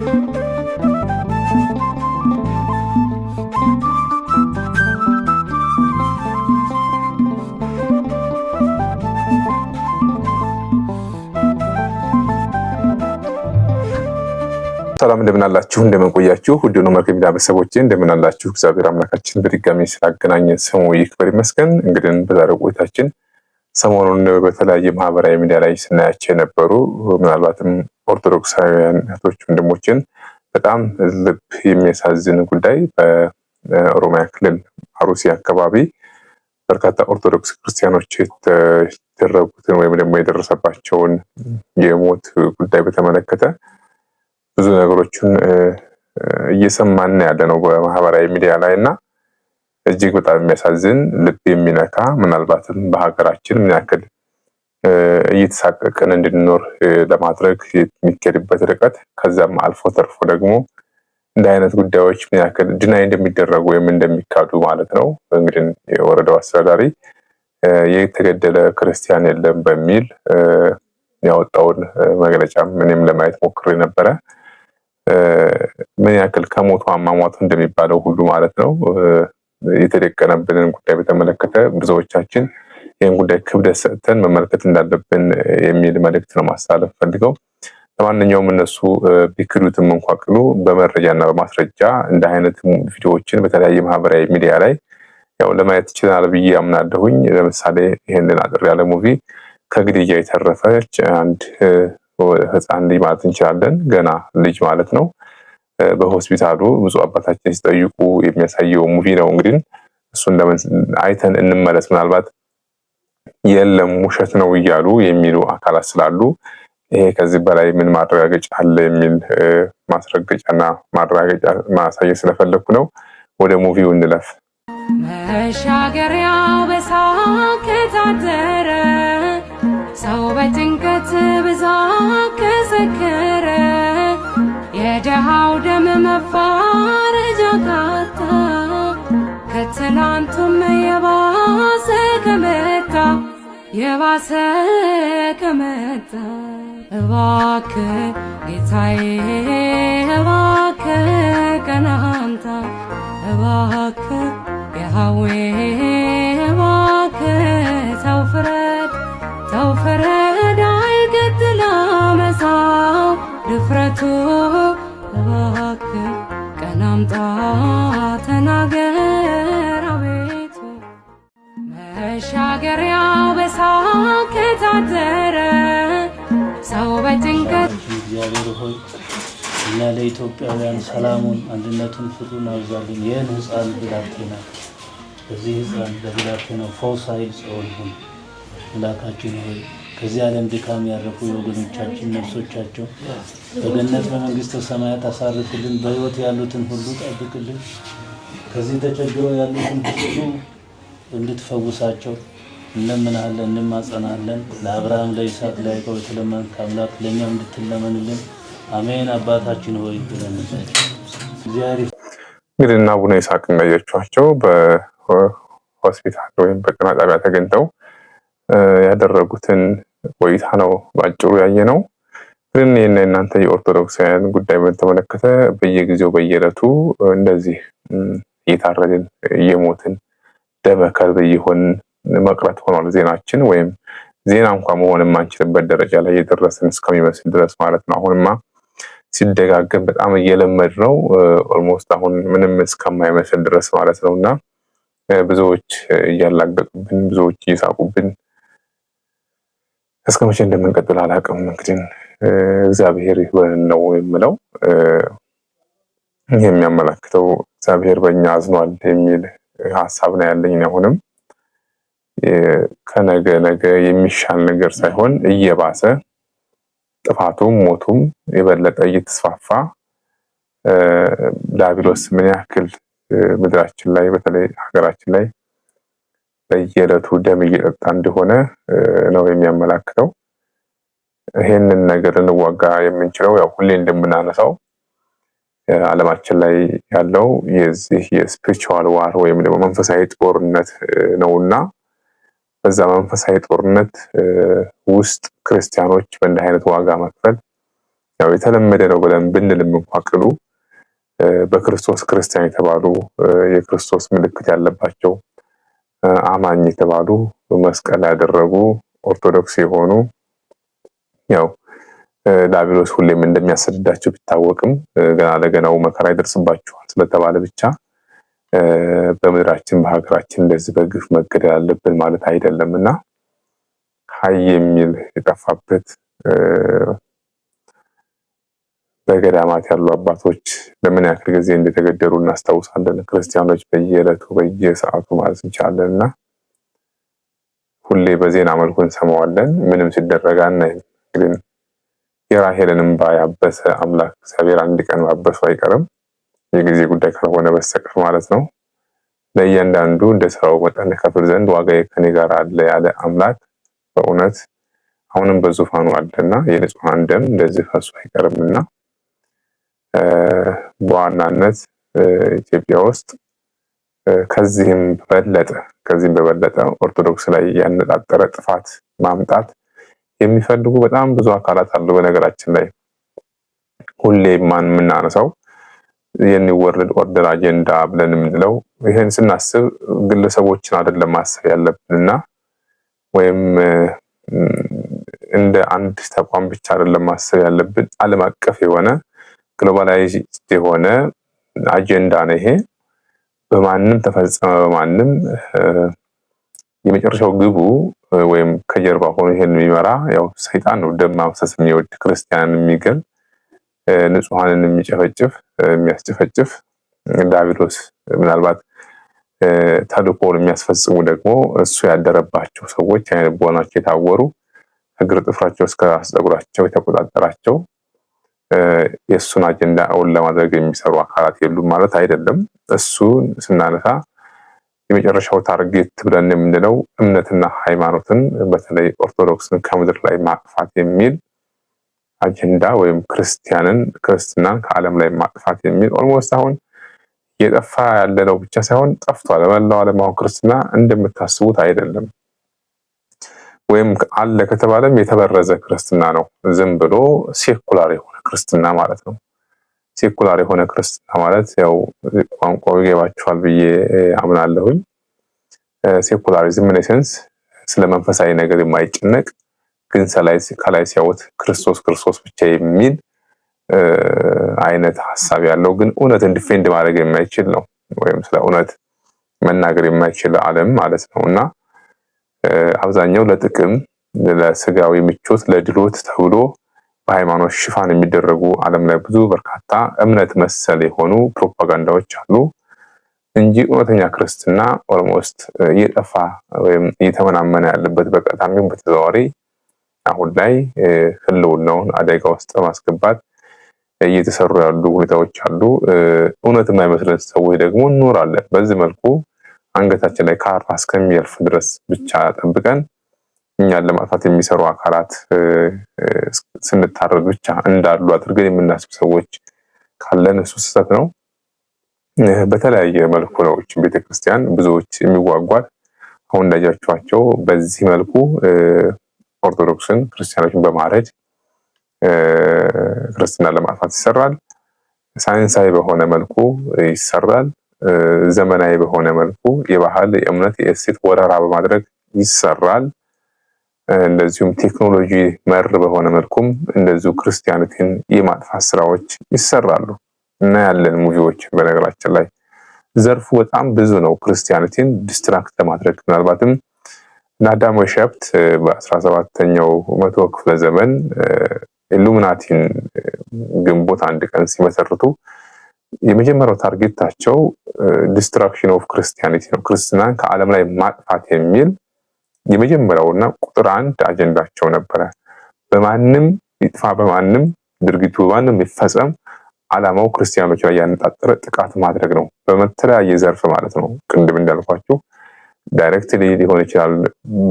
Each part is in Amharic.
ሰላም እንደምናላችሁ እንደምንቆያችሁ ውድ ነው መርከብ ሚዲያ ቤተሰቦቼ እንደምናላችሁ እግዚአብሔር አምላካችን በድጋሚ ስላገናኘን ስሙ ይክበር ይመስገን። እንግዲህ በዛሬው ቆይታችን ሰሞኑን በተለያየ ማህበራዊ ሚዲያ ላይ ስናያቸው የነበሩ ምናልባትም ኦርቶዶክሳውያን እህቶች ወንድሞችን በጣም ልብ የሚያሳዝን ጉዳይ በኦሮሚያ ክልል አሩሲ አካባቢ በርካታ ኦርቶዶክስ ክርስቲያኖች የተደረጉትን ወይም ደግሞ የደረሰባቸውን የሞት ጉዳይ በተመለከተ ብዙ ነገሮችን እየሰማን ያለ ነው በማህበራዊ ሚዲያ ላይ እና እጅግ በጣም የሚያሳዝን ልብ የሚነካ ምናልባትም በሀገራችን ምን ያክል እየተሳቀቅን እንድንኖር ለማድረግ የሚኬድበት ርቀት ከዛም አልፎ ተርፎ ደግሞ እንዲህ አይነት ጉዳዮች ምን ያክል ድናይ እንደሚደረጉ ወይም እንደሚካዱ ማለት ነው። እንግዲህ የወረዳው አስተዳዳሪ የተገደለ ክርስቲያን የለም በሚል ያወጣውን መግለጫ እኔም ለማየት ሞክሬ ነበረ። ምን ያክል ከሞቱ አሟሟቱ እንደሚባለው ሁሉ ማለት ነው የተደቀነብንን ጉዳይ በተመለከተ ብዙዎቻችን ይህን ጉዳይ ክብደት ሰጥተን መመልከት እንዳለብን የሚል መልእክት ነው ማስተላለፍ ፈልገው። ለማንኛውም እነሱ ቢክዱትም እንኳ ቅሉ በመረጃና በማስረጃ እንደ አይነት ቪዲዮዎችን በተለያየ ማህበራዊ ሚዲያ ላይ ያው ለማየት ይችላል ብዬ አምናለሁኝ። ለምሳሌ ይህንን አጥር ያለ ሙቪ ከግድያ የተረፈች አንድ ህፃን ልጅ ማለት እንችላለን፣ ገና ልጅ ማለት ነው በሆስፒታሉ ብዙ አባታችን ሲጠይቁ የሚያሳየው ሙቪ ነው። እንግዲህ እሱን ለምን አይተን እንመለስ። ምናልባት የለም ውሸት ነው እያሉ የሚሉ አካላት ስላሉ ይሄ ከዚህ በላይ ምን ማረጋገጫ አለ የሚል ማስረገጫና ማረጋገጫ ማሳየት ስለፈለግኩ ነው። ወደ ሙቪው እንለፍ። መሻገሪያ በሳቅ ሰው በጭንቀት ብዛት ከሰከረ የደሃው ደም መፋረጃ ካጣ ከትላንቱም የባሰ ከመጣ የባሰ ከመጣ እባክህ ጌታዬ እባክህ ቀና አምጣ የሃዌ እባክህ ተው ፍረድ አይገድላ መሳው ድፍረቱ አምጣ ተናገር አቤቱ መሻገሪያው በሳቅ ከታጠረ ሰው በጭንቀት እግዚአብሔር ሆይ እና ለኢትዮጵያውያን ሰላሙን አንድነቱን ፍቱን አብዛልን። ይህን ህፃን ብላቴና በዚህ ህፃን ለብላቴናው ፈውስ ኃይል ጸውልሁን አምላካችን ሆይ ከዚህ ዓለም ድካም ያረፉ የወገኖቻችን ነፍሶቻቸው በገነት በመንግሥተ ሰማያት አሳርፍልን። በሕይወት ያሉትን ሁሉ ጠብቅልን። ከዚህ ተቸግረው ያሉትን ሁሉ እንድትፈውሳቸው እንለምናሃለን፣ እንማጸናለን። ለአብርሃም ለይስሐቅ፣ ለያዕቆብ የተለመን ከአምላክ ለእኛም እንድትለመንልን አሜን። አባታችን ሆይ ብለን እንግዲህ እና አቡነ ይስሐቅ እንዳያችኋቸው በሆስፒታል ወይም በጤና ጣቢያ ተገኝተው ያደረጉትን ቆይታ ነው በአጭሩ ያየ ነው። ግን ይህና እናንተ የኦርቶዶክሳውያን ጉዳይ በተመለከተ በየጊዜው በየዕለቱ እንደዚህ እየታረድን እየሞትን ደመከር እየሆን መቅረት ሆኗል ዜናችን ወይም ዜና እንኳ መሆን የማንችልበት ደረጃ ላይ የደረስን እስከሚመስል ድረስ ማለት ነው። አሁንማ ሲደጋገም በጣም እየለመድ ነው ኦልሞስት አሁን ምንም እስከማይመስል ድረስ ማለት ነው እና ብዙዎች እያላገጡብን፣ ብዙዎች እየሳቁብን እስከ መቼ እንደምንቀጥል አላውቅም። እንግዲህ እግዚአብሔር ይበለን ነው የምለው። የሚያመላክተው እግዚአብሔር በእኛ አዝኗል የሚል ሀሳብ ነው ያለኝ። አሁንም ከነገ ነገ የሚሻል ነገር ሳይሆን እየባሰ ጥፋቱም ሞቱም የበለጠ እየተስፋፋ ዳቢሎስ ምን ያክል ምድራችን ላይ በተለይ ሀገራችን ላይ በየዕለቱ ደም እየጠጣ እንደሆነ ነው የሚያመላክተው። ይሄንን ነገር ልንዋጋ የምንችለው ያው ሁሌ እንደምናነሳው ዓለማችን ላይ ያለው የዚህ የስፒሪቹዋል ዋር ወይም ደግሞ መንፈሳዊ ጦርነት እና በዛ መንፈሳዊ ጦርነት ውስጥ ክርስቲያኖች በእንዲህ አይነት ዋጋ መክፈል ያው የተለመደ ነው ብለን ብንልም እንኳ ቅሉ በክርስቶስ ክርስቲያን የተባሉ የክርስቶስ ምልክት ያለባቸው አማኝ የተባሉ መስቀል ያደረጉ ኦርቶዶክስ የሆኑ ያው ዲያብሎስ ሁሌም እንደሚያሰድዳቸው ቢታወቅም ገና ለገናው መከራ ይደርስባቸዋል ስለተባለ ብቻ በምድራችን በሀገራችን እንደዚህ በግፍ መገደል አለብን ማለት አይደለም እና ሀይ የሚል የጠፋበት በገዳማት ያሉ አባቶች ለምን ያክል ጊዜ እንደተገደሉ እናስታውሳለን። ክርስቲያኖች በየዕለቱ በየሰዓቱ ማለት እንችላለን እና ሁሌ በዜና መልኩ እንሰማዋለን። ምንም ሲደረግ አናይም። ግን የራሄልን እንባ ያበሰ አምላክ እግዚአብሔር አንድ ቀን ማበሱ አይቀርም፣ የጊዜ ጉዳይ ካልሆነ በስተቀር ማለት ነው። ለእያንዳንዱ እንደ ስራው መጠን ከፍል ዘንድ ዋጋ ከኔ ጋር አለ ያለ አምላክ በእውነት አሁንም በዙፋኑ አለና የንጹሐን ደም እንደዚህ ፈሱ አይቀርምና በዋናነት ኢትዮጵያ ውስጥ ከዚህም በበለጠ ከዚህም በበለጠ ኦርቶዶክስ ላይ ያነጣጠረ ጥፋት ማምጣት የሚፈልጉ በጣም ብዙ አካላት አሉ። በነገራችን ላይ ሁሌ ማን የምናነሳው የሚወርድ ኦርደር አጀንዳ ብለን የምንለው ይህን ስናስብ ግለሰቦችን አይደለም ማሰብ ያለብንና ወይም እንደ አንድ ተቋም ብቻ አይደለም ማሰብ ያለብን ዓለም አቀፍ የሆነ ግሎባላይዝድ የሆነ አጀንዳ ነው ይሄ። በማንም ተፈጸመ በማንም የመጨረሻው ግቡ ወይም ከጀርባ ሆኖ ይሄን የሚመራ ያው ሰይጣን ነው። ደም ማፍሰስ የሚወድ ክርስቲያንን የሚገል ንጹሐንን የሚጨፈጭፍ የሚያስጨፈጭፍ ዳቢሎስ ምናልባት ተልእኮውን የሚያስፈጽሙ ደግሞ እሱ ያደረባቸው ሰዎች አይነ ቦናቸው የታወሩ እግር ጥፍራቸው እስከ ራስ ፀጉራቸው የተቆጣጠራቸው የእሱን አጀንዳ እውን ለማድረግ የሚሰሩ አካላት የሉም ማለት አይደለም። እሱን ስናነሳ የመጨረሻው ታርጌት ብለን የምንለው እምነትና ሃይማኖትን በተለይ ኦርቶዶክስን ከምድር ላይ ማጥፋት የሚል አጀንዳ ወይም ክርስቲያንን ክርስትናን ከዓለም ላይ ማጥፋት የሚል ኦልሞስት አሁን የጠፋ ያለነው ብቻ ሳይሆን ጠፍቷል። በመላው ዓለም አሁን ክርስትና እንደምታስቡት አይደለም። ወይም አለ ከተባለም የተበረዘ ክርስትና ነው። ዝም ብሎ ሴኩላር የሆነ ክርስትና ማለት ነው። ሴኩላር የሆነ ክርስትና ማለት ያው ቋንቋው ይገባችኋል ብዬ አምናለሁኝ። ሴኩላሪዝም ኔሴንስ ስለ መንፈሳዊ ነገር የማይጨነቅ ግን ከላይ ሲያዩት ክርስቶስ ክርስቶስ ብቻ የሚል አይነት ሀሳብ ያለው ግን እውነትን ዲፌንድ ማድረግ የማይችል ነው፣ ወይም ስለ እውነት መናገር የማይችል ዓለም ማለት ነው እና አብዛኛው ለጥቅም ለስጋዊ ምቾት ለድሎት ተብሎ በሃይማኖት ሽፋን የሚደረጉ ዓለም ላይ ብዙ በርካታ እምነት መሰል የሆኑ ፕሮፓጋንዳዎች አሉ እንጂ እውነተኛ ክርስትና ኦልሞስት እየጠፋ ወይም እየተመናመነ ያለበት በቀጥታም ይሁን በተዘዋዋሪ አሁን ላይ ህልውናውን አደጋ ውስጥ በማስገባት እየተሰሩ ያሉ ሁኔታዎች አሉ። እውነት የማይመስለን ሰዎች ደግሞ እንኖራለን። በዚህ መልኩ አንገታችን ላይ ካራ እስከሚያልፍ ድረስ ብቻ ጠብቀን እኛን ለማጥፋት የሚሰሩ አካላት ስንታረድ ብቻ እንዳሉ አድርገን የምናስብ ሰዎች ካለን እሱ ስህተት ነው። በተለያየ መልኩ ነው ቤተክርስቲያን ብዙዎች የሚዋጓል። አሁን እንዳያችኋቸው በዚህ መልኩ ኦርቶዶክስን ክርስቲያኖችን በማረድ ክርስትና ለማጥፋት ይሰራል። ሳይንሳዊ በሆነ መልኩ ይሰራል። ዘመናዊ በሆነ መልኩ የባህል የእምነት፣ የእሴት ወረራ በማድረግ ይሰራል። እንደዚሁም ቴክኖሎጂ መር በሆነ መልኩም እንደዚሁ ክርስቲያኒቲን የማጥፋት ስራዎች ይሰራሉ እና ያለን ሙቪዎችን በነገራችን ላይ ዘርፉ በጣም ብዙ ነው። ክርስቲያኒቲን ዲስትራክት ለማድረግ ምናልባትም ናዳም ሸፕት በ17ኛው መቶ ክፍለ ዘመን ኢሉሚናቲን ግንቦት አንድ ቀን ሲመሰርቱ የመጀመሪያው ታርጌታቸው ዲስትራክሽን ኦፍ ክርስቲያኒቲ ነው፣ ክርስትናን ከዓለም ላይ ማጥፋት የሚል የመጀመሪያውና ቁጥር አንድ አጀንዳቸው ነበረ። በማንም ይጥፋ፣ በማንም ድርጊቱ በማንም ይፈጸም፣ አላማው ክርስቲያኖች ላይ ያነጣጠረ ጥቃት ማድረግ ነው። በመተለያየ ዘርፍ ማለት ነው። ቅንድም እንዳልኳችሁ ዳይሬክት ሊሆን ይችላል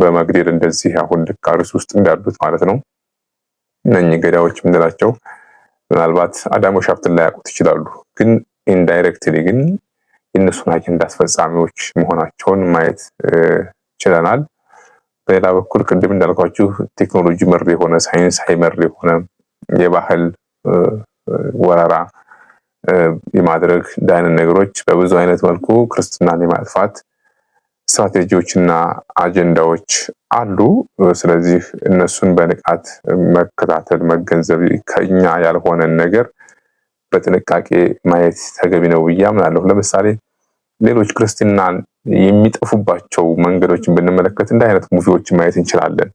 በመግደል እንደዚህ አሁን ድካርስ ውስጥ እንዳሉት ማለት ነው። እነኚህ ገዳዮች የምንላቸው ምናልባት አዳሞ ሻፍትን ላያውቁት ይችላሉ፣ ግን ኢንዳይሬክትሊ ግን የእነሱን አጀንዳ አስፈጻሚዎች መሆናቸውን ማየት ችለናል። በሌላ በኩል ቅድም እንዳልኳችሁ ቴክኖሎጂ መር የሆነ ሳይንስ መር የሆነ የባህል ወረራ የማድረግ ዳይንን ነገሮች በብዙ አይነት መልኩ ክርስትናን የማጥፋት ስትራቴጂዎችና አጀንዳዎች አሉ። ስለዚህ እነሱን በንቃት መከታተል፣ መገንዘብ ከኛ ያልሆነን ነገር በጥንቃቄ ማየት ተገቢ ነው ብዬ አምናለሁ። ለምሳሌ ሌሎች ክርስትናን የሚጠፉባቸው መንገዶችን ብንመለከት እንደ አይነት ሙቪዎችን ማየት እንችላለን።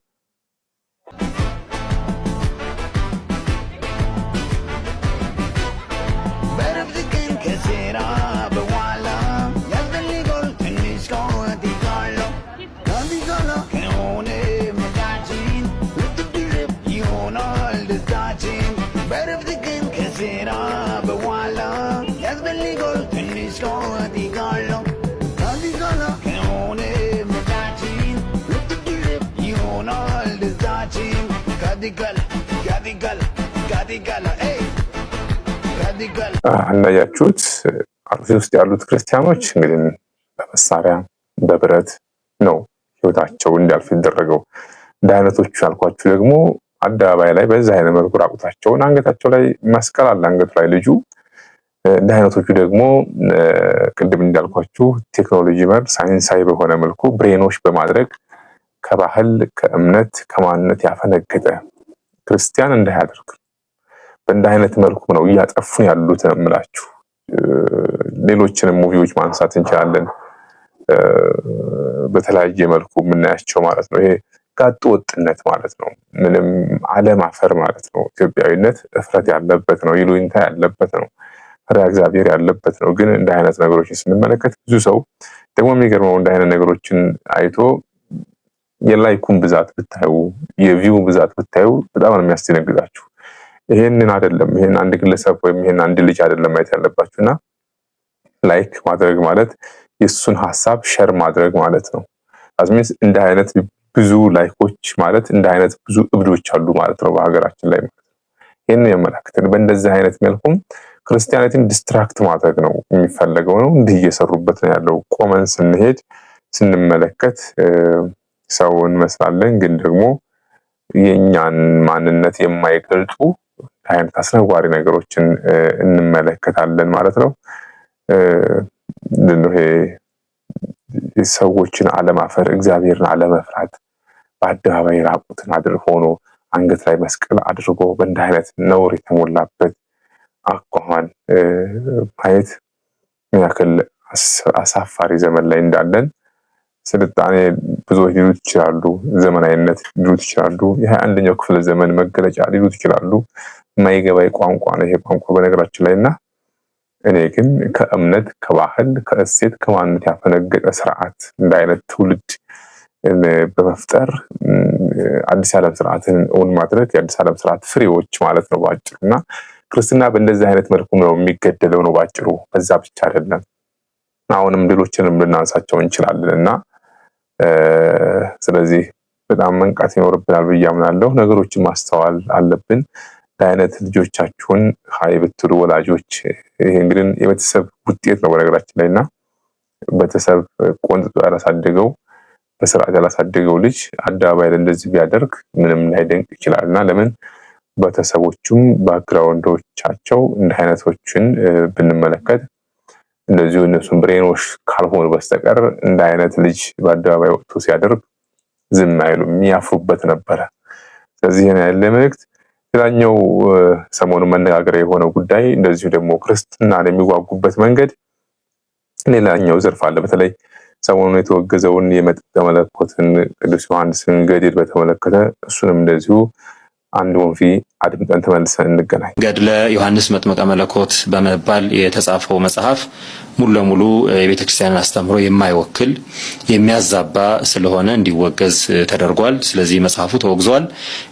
Ah, እንዳያችሁት አርሲ ውስጥ ያሉት ክርስቲያኖች እንግዲህ በመሳሪያ በብረት ነው ህይወታቸው እንዲያልፍ የተደረገው። አይነቶቹ ያልኳችሁ ደግሞ አደባባይ ላይ በዚህ አይነት መልኩ ራቁታቸውን፣ አንገታቸው ላይ መስቀል አለ አንገቱ ላይ ልጁ። እንደ አይነቶቹ ደግሞ ቅድም እንዳልኳችሁ ቴክኖሎጂ መር ሳይንሳዊ በሆነ መልኩ ብሬኖች በማድረግ ከባህል ከእምነት ከማንነት ያፈነገጠ ክርስቲያን እንዳያደርግ በእንደ አይነት መልኩ ነው እያጠፉን ያሉት ነው የምላችሁ። ሌሎችንም ሙቪዎች ማንሳት እንችላለን፣ በተለያየ መልኩ የምናያቸው ማለት ነው። ይሄ ጋጥ ወጥነት ማለት ነው፣ ምንም አለም አፈር ማለት ነው። ኢትዮጵያዊነት እፍረት ያለበት ነው፣ ይሉኝታ ያለበት ነው፣ ፈሪሃ እግዚአብሔር ያለበት ነው። ግን እንደ አይነት ነገሮችን ስንመለከት ብዙ ሰው ደግሞ የሚገርመው እንደ አይነት ነገሮችን አይቶ የላይኩን ብዛት ብታዩ፣ የቪው ብዛት ብታዩ በጣም ነው የሚያስደነግጣችሁ። ይሄንን አይደለም ይሄን አንድ ግለሰብ ወይም ይሄን አንድ ልጅ አይደለም ማየት ያለባችሁ እና ላይክ ማድረግ ማለት የእሱን ሀሳብ ሸር ማድረግ ማለት ነው። አዝሚንስ እንደ አይነት ብዙ ላይኮች ማለት እንደ አይነት ብዙ እብዶች አሉ ማለት ነው በሀገራችን ላይ ማለት ነው። ያመላክትን በእንደዚህ አይነት መልኩም ክርስቲያኒቲን ዲስትራክት ማድረግ ነው የሚፈለገው ነው። እንዲህ እየሰሩበት ነው ያለው። ቆመን ስንሄድ ስንመለከት ሰው እንመስላለን፣ ግን ደግሞ የእኛን ማንነት የማይገልጡ አይነት አስነዋሪ ነገሮችን እንመለከታለን ማለት ነው። ይሄ ሰዎችን አለማፈር፣ እግዚአብሔርን አለመፍራት፣ በአደባባይ ራቁትን አድርጎ ሆኖ አንገት ላይ መስቀል አድርጎ በእንዲህ አይነት ነውር የተሞላበት አኳኋን ማየት ምን ያክል አሳፋሪ ዘመን ላይ እንዳለን ስልጣኔ ብዙዎች ሊሉት ይችላሉ፣ ዘመናዊነት ሊሉት ይችላሉ፣ የሀያ አንደኛው ክፍለ ዘመን መገለጫ ሊሉት ይችላሉ። የማይገባይ ቋንቋ ነው ይሄ ቋንቋ በነገራችን ላይ እና እኔ ግን ከእምነት ከባህል ከእሴት ከማንነት ያፈነገጠ ስርዓት እንደ አይነት ትውልድ በመፍጠር አዲስ ዓለም ስርዓትን እውን ማድረግ የአዲስ ዓለም ስርዓት ፍሬዎች ማለት ነው በአጭሩ እና ክርስትና በእንደዚህ አይነት መልኩ ነው የሚገደለው ነው በአጭሩ። በዛ ብቻ አይደለም አሁንም ሌሎችንም ልናንሳቸው እንችላለን እና ስለዚህ በጣም መንቃት ይኖርብናል ብዬ አምናለሁ። ነገሮችን ማስተዋል አለብን። ለአይነት ልጆቻችሁን ሀይ ብትሉ ወላጆች፣ ይሄ እንግዲህ የቤተሰብ ውጤት ነው በነገራችን ላይ እና ቤተሰብ ቆንጥጦ ያላሳደገው በስርዓት ያላሳደገው ልጅ አደባባይ ላይ እንደዚህ ቢያደርግ ምንም ላይደንቅ ይችላል እና ለምን ቤተሰቦቹም ባክግራውንዶቻቸው እንደ አይነቶችን ብንመለከት እንደዚሁ እነሱን ብሬኖች ካልሆኑ በስተቀር እንደ አይነት ልጅ በአደባባይ ወቅቱ ሲያደርግ ዝም አይሉ የሚያፍሩበት ነበረ። ስለዚህ ያለ መልእክት። ሌላኛው ሰሞኑ መነጋገሪያ የሆነው ጉዳይ እንደዚሁ ደግሞ ክርስትናን የሚዋጉበት መንገድ ሌላኛው ዘርፍ አለ። በተለይ ሰሞኑን የተወገዘውን የመጥምቀ መለኮትን ቅዱስ ዮሐንስን ገድል በተመለከተ እሱንም እንደዚሁ አንድ ወንፊ አድምጠን ተመልሰን እንገናኝ። ገድለ ዮሐንስ መጥመቀ መለኮት በመባል የተጻፈው መጽሐፍ ሙሉ ለሙሉ የቤተ ክርስቲያንን አስተምሮ የማይወክል የሚያዛባ ስለሆነ እንዲወገዝ ተደርጓል። ስለዚህ መጽሐፉ ተወግዟል።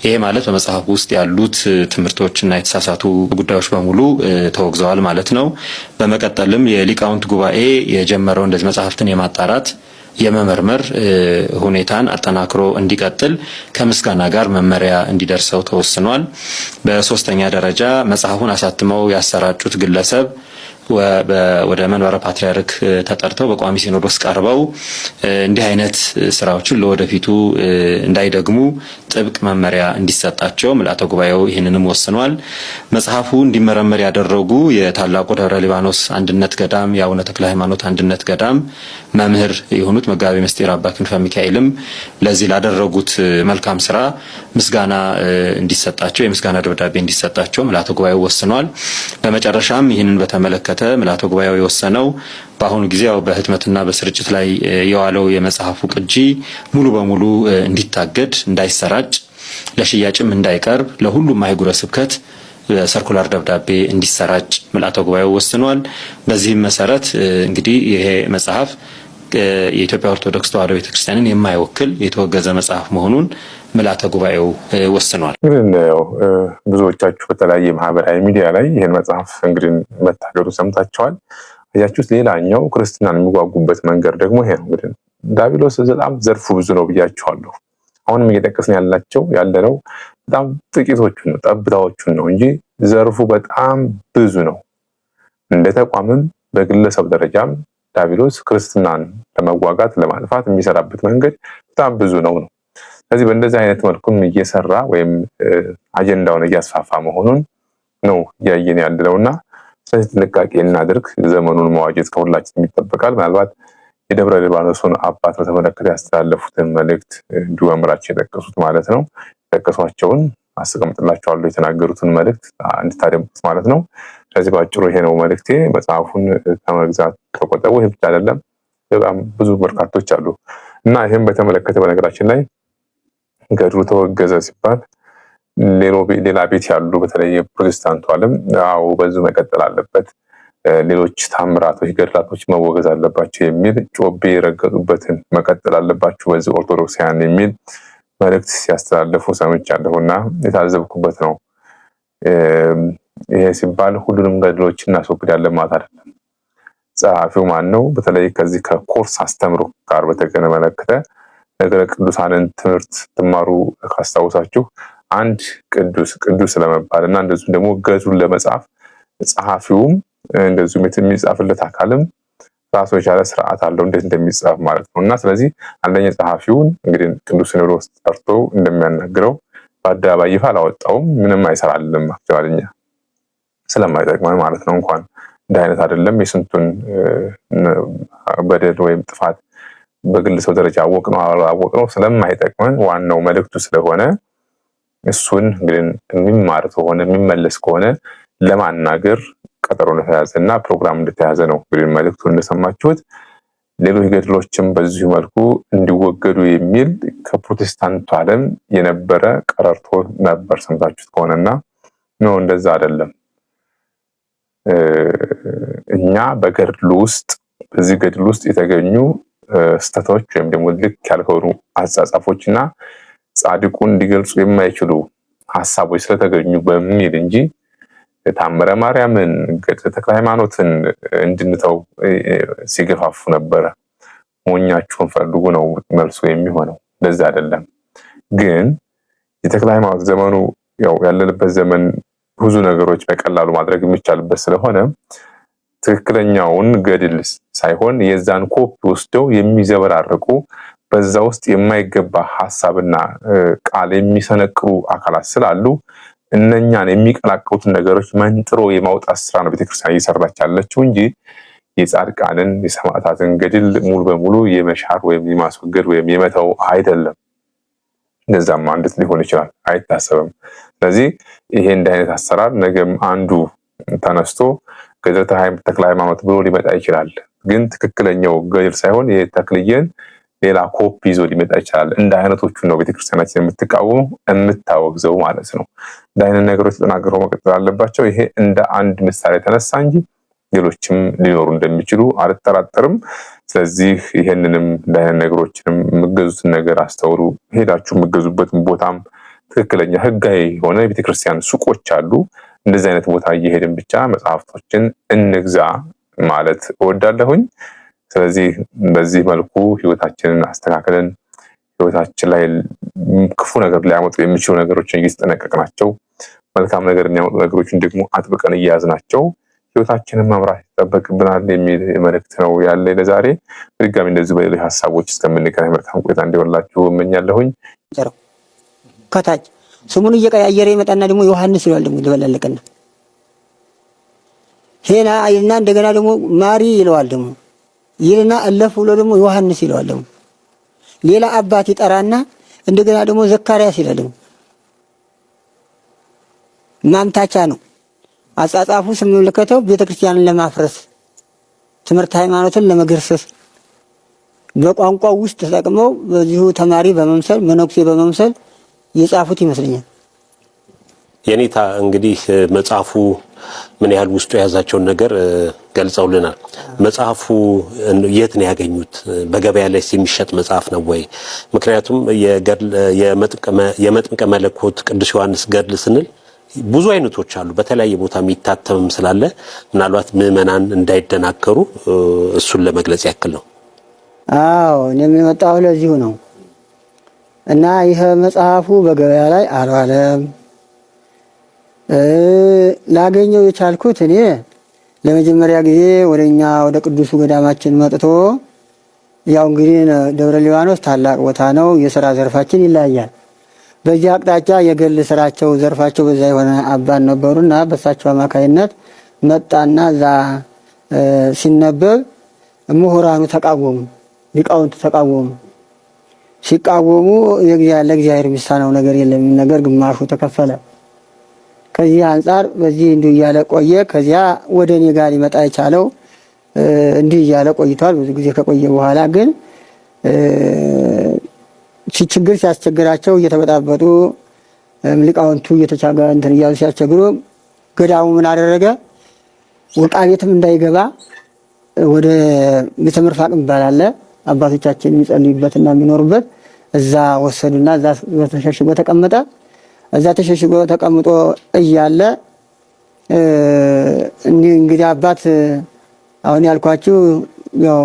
ይሄ ማለት በመጽሐፉ ውስጥ ያሉት ትምህርቶችና የተሳሳቱ ጉዳዮች በሙሉ ተወግዘዋል ማለት ነው። በመቀጠልም የሊቃውንት ጉባኤ የጀመረው እንደዚህ መጽሐፍትን የማጣራት የመመርመር ሁኔታን አጠናክሮ እንዲቀጥል ከምስጋና ጋር መመሪያ እንዲደርሰው ተወስኗል። በሶስተኛ ደረጃ መጽሐፉን አሳትመው ያሰራጩት ግለሰብ ወደ መንበረ ፓትሪያርክ ተጠርተው በቋሚ ሲኖዶስ ቀርበው እንዲህ አይነት ስራዎችን ለወደፊቱ እንዳይደግሙ ጥብቅ መመሪያ እንዲሰጣቸው ምልአተ ጉባኤው ይህንንም ወስኗል። መጽሐፉ እንዲመረመር ያደረጉ የታላቁ ደብረ ሊባኖስ አንድነት ገዳም የአቡነ ተክለ ሃይማኖት አንድነት ገዳም መምህር የሆኑት መጋቢ ምስጢር አባ ክንፈ ሚካኤልም ለዚህ ላደረጉት መልካም ስራ ምስጋና እንዲሰጣቸው የምስጋና ደብዳቤ እንዲሰጣቸው ምልአተ ጉባኤው ወስኗል። በመጨረሻም ይህንን በተመለከተ በተመለከተ ምልዓተ ጉባኤው የወሰነው በአሁኑ ጊዜ ያው በህትመትና በስርጭት ላይ የዋለው የመጽሐፉ ቅጂ ሙሉ በሙሉ እንዲታገድ፣ እንዳይሰራጭ፣ ለሽያጭም እንዳይቀርብ ለሁሉም አህጉረ ስብከት በሰርኩላር ደብዳቤ እንዲሰራጭ ምልዓተ ጉባኤው ወስኗል። በዚህም መሰረት እንግዲህ ይሄ መጽሐፍ የኢትዮጵያ ኦርቶዶክስ ተዋሕዶ ቤተክርስቲያንን የማይወክል የተወገዘ መጽሐፍ መሆኑን ምልዓተ ጉባኤው ወስኗል። እንግዲህ ብዙዎቻችሁ በተለያየ ማህበራዊ ሚዲያ ላይ ይህን መጽሐፍ እንግዲህ መታገዱ ሰምታችኋል። ውስጥ ሌላኛው ክርስትናን የሚጓጉበት መንገድ ደግሞ ይሄ ነው። እንግዲህ ዳቢሎስ በጣም ዘርፉ ብዙ ነው ብያችኋለሁ። አሁንም እየጠቀስን ያላቸው ያለነው በጣም ጥቂቶቹን ነው ጠብታዎቹን ነው እንጂ ዘርፉ በጣም ብዙ ነው። እንደ ተቋምም በግለሰብ ደረጃም ዳቢሎስ ክርስትናን ለመዋጋት ለማጥፋት የሚሰራበት መንገድ በጣም ብዙ ነው ነው ከዚህ በእንደዚህ አይነት መልኩም እየሰራ ወይም አጀንዳውን እያስፋፋ መሆኑን ነው እያየን ያለነው እና ስለዚህ ጥንቃቄ እናድርግ። ዘመኑን መዋጀት ከሁላችን ይጠበቃል። ምናልባት የደብረ ሊባኖሱን አባት በተመለከተ ያስተላለፉትን መልእክት እንዲሁ መምህራችን የጠቀሱት ማለት ነው የጠቀሷቸውን አስቀምጥላቸዋለሁ የተናገሩትን መልእክት እንድታደምጡት ማለት ነው። ስለዚህ በአጭሩ ይሄ ነው መልእክቴ። መጽሐፉን ከመግዛት ተቆጠቡ። ይህ ብቻ አይደለም፣ በጣም ብዙ በርካቶች አሉ እና ይህም በተመለከተ በነገራችን ላይ ገድሉ ተወገዘ ሲባል ሌላ ቤት ያሉ በተለይ የፕሮቴስታንቱ ዓለም አዎ በዙ መቀጠል አለበት፣ ሌሎች ታምራቶች ገድላቶች መወገዝ አለባቸው የሚል ጮቤ የረገጡበትን መቀጠል አለባቸው በዚህ ኦርቶዶክሳውያን የሚል መልእክት ሲያስተላለፉ ሰምቻለሁ እና የታዘብኩበት ነው። ይሄ ሲባል ሁሉንም ገድሎች እናስወግዳለን ማለት አይደለም። ጸሐፊው ማን ነው? በተለይ ከዚህ ከኮርስ አስተምሮ ጋር በተገነመለከተ ነገረ ቅዱሳንን ትምህርት ትማሩ ካስታውሳችሁ አንድ ቅዱስ ቅዱስ ለመባል እና እንደዚሁም ደግሞ ገዙን ለመጻፍ ጸሐፊውም እንደዚሁም የሚጻፍለት አካልም ራሱ የቻለ ስርዓት አለው እንዴት እንደሚጻፍ ማለት ነው። እና ስለዚህ አንደኛ ጸሐፊውን እንግዲህ ቅዱስን ብሎ ጠርቶ እንደሚያናግረው በአደባባይ ይፋ አላወጣውም። ምንም አይሰራልም አክቸዋልኛ ስለማይጠቅመን ማለት ነው። እንኳን እንዲህ አይነት አይደለም የስንቱን በደል ወይም ጥፋት በግል ሰው ደረጃ አወቅ ነው አላወቅ ነው ስለማይጠቅመን ዋናው መልእክቱ ስለሆነ እሱን እንግዲህ የሚማር ከሆነ የሚመለስ ከሆነ ለማናገር ቀጠሮ እንደተያዘ እና ፕሮግራም እንደተያዘ ነው። እንግዲህ መልእክቱ እንደሰማችሁት ሌሎች ገድሎችም በዚሁ መልኩ እንዲወገዱ የሚል ከፕሮቴስታንቱ ዓለም የነበረ ቀረርቶ ነበር ሰምታችሁት ከሆነና ነው። እንደዛ አይደለም። እኛ በገድሉ ውስጥ በዚህ ገድል ውስጥ የተገኙ ስተቶች ወይም ደግሞ ልክ ያልሆኑ አጻጻፎች እና ጻድቁን ሊገልጹ የማይችሉ ሀሳቦች ስለተገኙ በሚል እንጂ ታምረ ማርያምን፣ ገድለ ተክለ ሃይማኖትን እንድንተው ሲገፋፉ ነበረ። ሞኛችሁን ፈልጉ ነው መልሱ የሚሆነው። ለዛ አይደለም ግን የተክለ ሃይማኖት ዘመኑ ያለንበት ዘመን ብዙ ነገሮች በቀላሉ ማድረግ የሚቻልበት ስለሆነ ትክክለኛውን ገድል ሳይሆን የዛን ኮፒ ወስደው የሚዘበራርቁ በዛ ውስጥ የማይገባ ሀሳብና ቃል የሚሰነቅሩ አካላት ስላሉ እነኛን የሚቀላቀሉትን ነገሮች መንጥሮ የማውጣት ስራ ነው ቤተክርስቲያን እየሰራች ያለችው እንጂ የጻድቃንን የሰማዕታትን ገድል ሙሉ በሙሉ የመሻር ወይም የማስወገድ ወይም የመተው አይደለም። እንደዛም አንድት ሊሆን ይችላል፣ አይታሰብም። ስለዚህ ይሄ እንደ አይነት አሰራር ነገም አንዱ ተነስቶ ገድለ ተክለ ሃይማኖት ብሎ ሊመጣ ይችላል። ግን ትክክለኛው ገድል ሳይሆን ተክልየን ሌላ ኮፒ ይዞ ሊመጣ ይችላል። እንደ አይነቶቹ ነው ቤተክርስቲያናችን የምትቃወመው የምታወግዘው ማለት ነው። እንደ አይነት ነገሮች ተጠናክረው መቀጠል አለባቸው። ይሄ እንደ አንድ ምሳሌ ተነሳ እንጂ ሌሎችም ሊኖሩ እንደሚችሉ አልጠራጠርም። ስለዚህ ይሄንንም እንደ አይነት ነገሮችንም የምገዙትን ነገር አስተውሉ። ሄዳችሁ የምገዙበትን ቦታም ትክክለኛ ህጋዊ የሆነ ቤተክርስቲያን ሱቆች አሉ። እንደዚህ አይነት ቦታ እየሄድን ብቻ መጽሐፍቶችን እንግዛ ማለት እወዳለሁኝ። ስለዚህ በዚህ መልኩ ህይወታችንን አስተካክለን ህይወታችን ላይ ክፉ ነገር ሊያመጡ የሚችሉ ነገሮችን እየተጠነቀቅናቸው መልካም ነገር የሚያመጡ ነገሮችን ደግሞ አጥብቀን እየያዝናቸው ህይወታችንን መምራት ይጠበቅብናል የሚል መልእክት ነው ያለ ለዛሬ። በድጋሚ እንደዚሁ በሌሎች ሀሳቦች እስከምንገናኝ መልካም ቆይታ እንዲሆንላችሁ እመኛለሁኝ። ከታች ስሙን እየቀያየረ ይመጣና ደግሞ ዮሐንስ ይለዋል። ደግሞ ይደበላለቀና ሄና አይና እንደገና ደግሞ ማሪ ይለዋል። ደግሞ ይልና እለፍ ብሎ ደግሞ ዮሐንስ ይለዋል። ደግሞ ሌላ አባት ይጠራና እንደገና ደግሞ ዘካርያስ ይላል። ደግሞ ማምታቻ ነው። አጻጻፉ ስንመለከተው ቤተክርስቲያንን ለማፍረስ ትምህርት ሃይማኖትን ለመገርሰስ በቋንቋው ውስጥ ተጠቅመው በዚሁ ተማሪ በመምሰል መነኩሴ በመምሰል የጻፉት ይመስለኛል። የኔታ እንግዲህ መጽሐፉ ምን ያህል ውስጡ የያዛቸውን ነገር ገልጸውልናል። መጽሐፉ የት ነው ያገኙት? በገበያ ላይ የሚሸጥ መጽሐፍ ነው ወይ? ምክንያቱም የመጥምቀ መለኮት ቅዱስ ዮሐንስ ገድል ስንል ብዙ አይነቶች አሉ። በተለያየ ቦታ የሚታተምም ስላለ ምናልባት ምዕመናን እንዳይደናከሩ እሱን ለመግለጽ ያክል ነው። አዎ እኔም የመጣሁ ለዚሁ ነው። እና ይህ መጽሐፉ በገበያ ላይ አልዋለም። ላገኘው የቻልኩት እኔ ለመጀመሪያ ጊዜ ወደኛ ወደ ቅዱሱ ገዳማችን መጥቶ ያው እንግዲህ ደብረ ሊባኖስ ታላቅ ቦታ ነው። የስራ ዘርፋችን ይለያያል። በዚህ አቅጣጫ የገል ስራቸው ዘርፋቸው በዛ የሆነ አባን ነበሩና በሳቸው አማካይነት መጣና እዛ ሲነበብ ምሁራኑ ተቃወሙ፣ ሊቃውንቱ ተቃወሙ። ሲቃወሙ ለእግዚአብሔር የሚሳነው ነገር የለም ነገር ግማሹ ተከፈለ። ከዚህ አንጻር በዚህ እንዲሁ እያለ ቆየ። ከዚያ ወደ እኔ ጋር ሊመጣ የቻለው እንዲህ እያለ ቆይቷል። ብዙ ጊዜ ከቆየ በኋላ ግን ችግር ሲያስቸግራቸው እየተበጣበጡ ሊቃውንቱ እየተቻገ እንትን እያሉ ሲያስቸግሩ ገዳሙ ምን አደረገ? ወቃ ቤትም እንዳይገባ ወደ ቤተ ምርፋቅ አባቶቻችን የሚጸልዩበትና የሚኖሩበት እዛ ወሰዱና እዛ ተሸሽጎ ተቀመጠ። እዛ ተሸሽጎ ተቀምጦ እያለ እንግዲህ አባት አሁን ያልኳችሁ ያው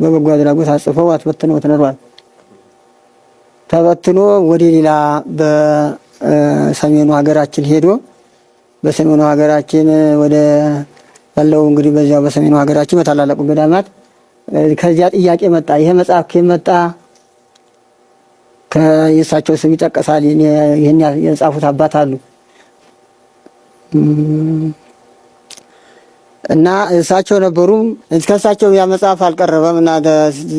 በበጎ አድራጎት አጽፈው አትበትኖ ተነሯል። ተበትኖ ወደ ሌላ በሰሜኑ ሀገራችን ሄዶ በሰሜኑ ሀገራችን ወደ ያለው እንግዲህ በዚያው በሰሜኑ ሀገራችን በታላላቁ ገዳማት ከዚያ ጥያቄ መጣ። ይሄ መጽሐፍ ከመጣ ከየሳቸው ስም ይጠቀሳል። ይህን የጻፉት አባት አሉ እና እሳቸው ነበሩ። እስከሳቸው ያ መጽሐፍ አልቀረበም እና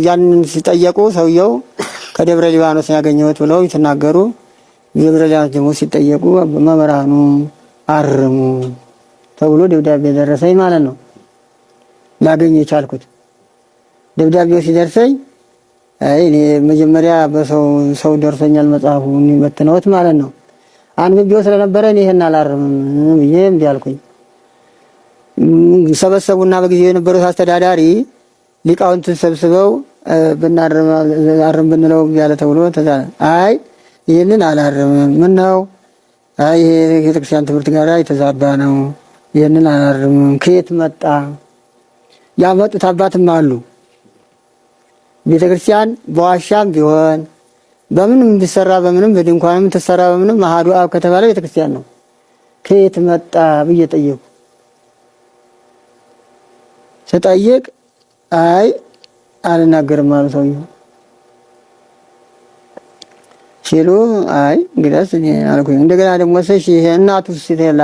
ያንን ሲጠየቁ ሰውየው ከደብረ ሊባኖስ ያገኘሁት ብለው ይተናገሩ። ደብረ ሊባኖስ ደግሞ ሲጠየቁ መምህራኑ አርሙ ተብሎ ደብዳቤ ደረሰኝ ማለት ነው ላገኘ የቻልኩት ደብዳቤው ሲደርሰኝ እኔ መጀመሪያ በሰው ሰው ደርሶኛል መጽሐፉ በትነውት ማለት ነው። አንብቤው ስለነበረ እኔ ይሄን አላርምም ብዬ እምቢ አልኩኝ። ሰበሰቡና በጊዜው የነበሩት አስተዳዳሪ ሊቃውንትን ሰብስበው ብናርም ብንለው ያለ ተብሎ አይ ይህንን አላርምም። ምን ነው አይ ይሄ ቤተክርስቲያን ትምህርት ጋር የተዛባ ነው። ይህንን አላርምም። ከየት መጣ? ያመጡት አባትም አሉ ቤተ ክርስቲያን በዋሻም ቢሆን በምንም ቢሰራ በምንም በድንኳንም ተሰራ በምንም አሐዱ አብ ከተባለ ቤተ ክርስቲያን ነው። ከየት መጣ ብዬ ጠየቁ። ስጠይቅ አይ አልናገርም አሉ ሰውዬው። ሲሉ አይ እንግዲያስ አልኩኝ። እንደገና ደግሞ ስሽ እናቱ ስትላ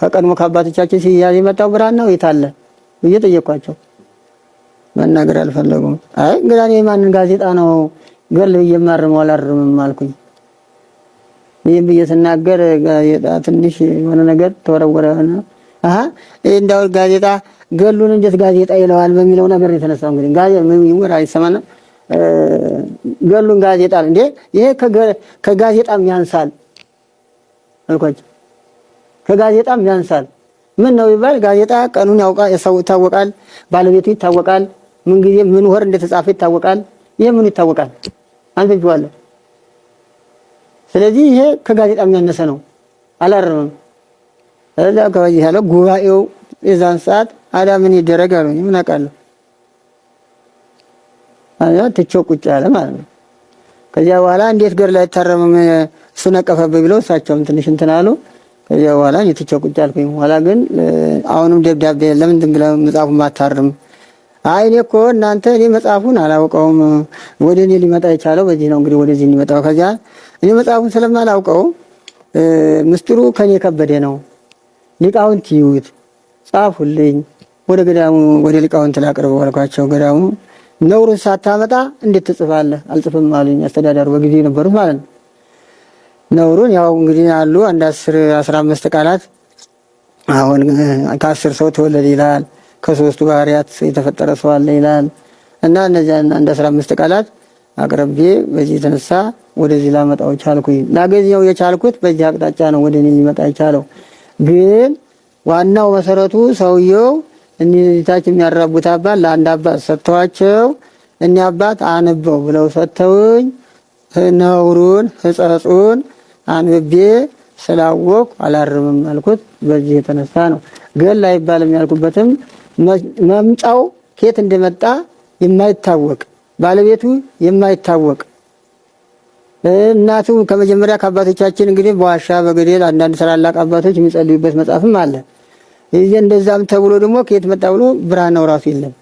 ከቀድሞ ከአባቶቻችን ሲያዝ የመጣው ብርሃን ነው የታለ ብዬ ጠየኳቸው። መናገር አልፈለጉም። አይ እንግዲህ እኔ የማንን ጋዜጣ ነው ገል እየማርመው አላርምም አልኩኝ። ይህም ብዬ ስናገር ጋዜጣ ትንሽ የሆነ ነገር ተወረወረ። ሆነ አሀ እንዳው ጋዜጣ ገሉን እንዴት ጋዜጣ ይለዋል በሚለው ነገር የተነሳው እንግዲህ ጋዜጣ ምን ይወራ ይሰማና ገሉን ጋዜጣ እንዴ ይሄ ከጋዜጣም ያንሳል አልኳቸው። ከጋዜጣም ያንሳል ምን ነው ይባል ጋዜጣ ቀኑን ያውቃል፣ ታወቃል፣ ባለቤቱ ይታወቃል። ምን ጊዜ ምን ወር እንደተጻፈ ይታወቃል። ይሄ ምን ይታወቃል፣ አንብቤዋለሁ። ስለዚህ ይሄ ከጋዜጣ ያነሰ ነው፣ አላረምም። እዛ ከዚህ ያለ ጉባኤው የዛን ሰዓት አዳ ምን ይደረግ አሉኝ። ምን አውቃለሁ አያ ትቼው ቁጭ አለ ማለት ነው። ከዚያ በኋላ እንዴት ገድል አይታረምም እሱ ነቀፈብኝ ብለው እሳቸውም ትንሽ እንትን አሉ። ከዚያ በኋላ እኔ ትቼው ቁጭ አልኩኝ። በኋላ ግን አሁንም ደብዳቤ ለምን ድንግላ መጽሐፉ ማታርም አይ እኔ እኮ እናንተ እኔ መጽሐፉን አላውቀውም። ወደ እኔ ሊመጣ የቻለው በዚህ ነው እንግዲህ ወደዚህ እንመጣው። ከዚያ እኔ መጽሐፉን ስለማላውቀው ምስጢሩ ከኔ ከበደ ነው። ሊቃውንት ይዩት ጻፉልኝ፣ ወደ ገዳሙ ወደ ሊቃውንት ላቅርበው አልኳቸው። ገዳሙ ነውሩን ሳታመጣ እንዴት ትጽፋለህ? አልጽፍም አሉኝ። አስተዳዳሩ በጊዜ ነበሩት ማለት ነው። ነውሩን ያው እንግዲህ አሉ አንድ አስር አስራ አምስት ቃላት አሁን ከአስር ሰው ተወለድ ይላል ከሶስቱ ባህሪያት የተፈጠረ ሰው አለ ይላል እና እነዚያን አንድ አስራ አምስት ቃላት አቅርቤ በዚህ የተነሳ ወደዚህ ላመጣው ቻልኩኝ። ላገኘው የቻልኩት በዚህ አቅጣጫ ነው ወደ እኔ ሊመጣ የቻለው። ግን ዋናው መሰረቱ ሰውየው እኒታች የሚያራቡት አባት ለአንድ አባት ሰጥተዋቸው እኒ አባት አንበው ብለው ሰጥተውኝ ነውሩን ሕጸጹን አንብቤ ስላወቅ አላርምም አልኩት። በዚህ የተነሳ ነው። ገል አይባልም ያልኩበትም መምጫው ከየት እንደመጣ የማይታወቅ ባለቤቱ የማይታወቅ እናቱ ከመጀመሪያ ከአባቶቻችን እንግዲህ በዋሻ በገደል አንዳንድ ታላላቅ አባቶች የሚጸልዩበት መጽሐፍም አለ። ይህ እንደዛም ተብሎ ደግሞ ከየት መጣ ብሎ ብርሃናው ራሱ የለም።